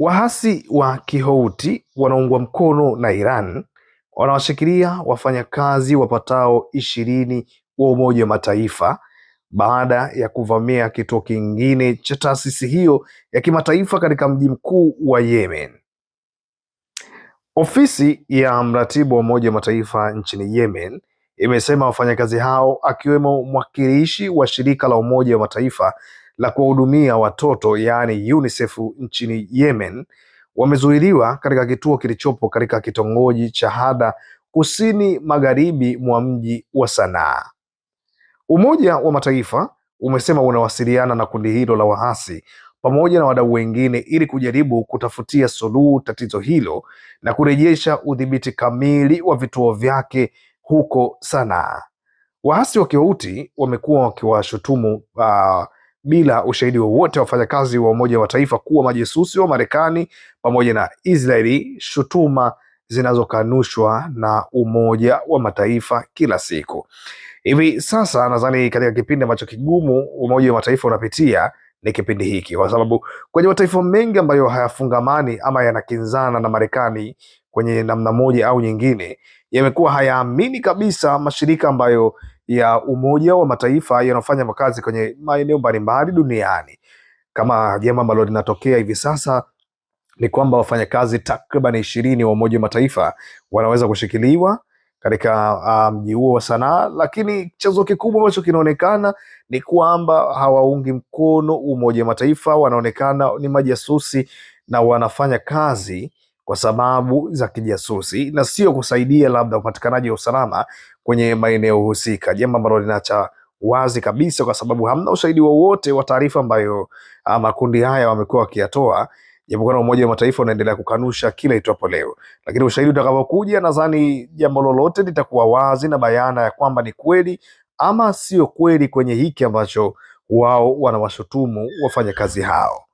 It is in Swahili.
Waasi wa kihouti wanaungwa mkono na Iran wanawashikilia wafanyakazi wapatao ishirini wa Umoja wa Mataifa baada ya kuvamia kituo kingine cha taasisi hiyo ya kimataifa katika mji mkuu wa Yemen. Ofisi ya mratibu wa Umoja wa Mataifa nchini Yemen imesema wafanyakazi hao akiwemo mwakilishi wa shirika la Umoja wa Mataifa la kuwahudumia watoto yaani UNICEF nchini Yemen wamezuiliwa katika kituo kilichopo katika kitongoji cha Hada kusini magharibi mwa mji wa Sanaa. Umoja wa Mataifa umesema unawasiliana na kundi hilo la waasi pamoja na wadau wengine ili kujaribu kutafutia suluhu tatizo hilo na kurejesha udhibiti kamili wa vituo vyake huko Sanaa. Waasi wa Kihouthi wamekuwa wakiwashutumu uh, bila ushahidi wowote wa wafanyakazi wa Umoja wa Mataifa kuwa majasusi wa Marekani pamoja na Israeli, shutuma zinazokanushwa na Umoja wa Mataifa kila siku. Hivi sasa nadhani katika kipindi ambacho kigumu Umoja wa Mataifa unapitia ni kipindi hiki, kwa sababu kwenye mataifa mengi ambayo hayafungamani ama yanakinzana na Marekani kwenye namna moja au nyingine, yamekuwa hayaamini kabisa mashirika ambayo ya Umoja wa Mataifa yanayofanya makazi kwenye maeneo mbalimbali duniani. Kama jambo ambalo linatokea hivi sasa ni kwamba wafanyakazi takriban ishirini wa Umoja wa Mataifa wanaweza kushikiliwa katika mji um, huo wa Sanaa, lakini chanzo kikubwa ambacho kinaonekana ni kwamba hawaungi mkono Umoja wa Mataifa, wanaonekana ni majasusi na wanafanya kazi kwa sababu za kijasusi na sio kusaidia labda upatikanaji wa usalama kwenye maeneo husika, jambo ambalo linaacha wazi kabisa, kwa sababu hamna ushahidi wowote wa, taarifa ambayo ah, makundi haya wamekuwa wakiyatoa japokuwa na Umoja wa Mataifa unaendelea kukanusha kila itwapo leo, lakini ushahidi utakapokuja, nadhani jambo lolote litakuwa wazi na bayana ya kwamba ni kweli ama sio kweli kwenye hiki ambacho wao wanawashutumu wafanyakazi hao.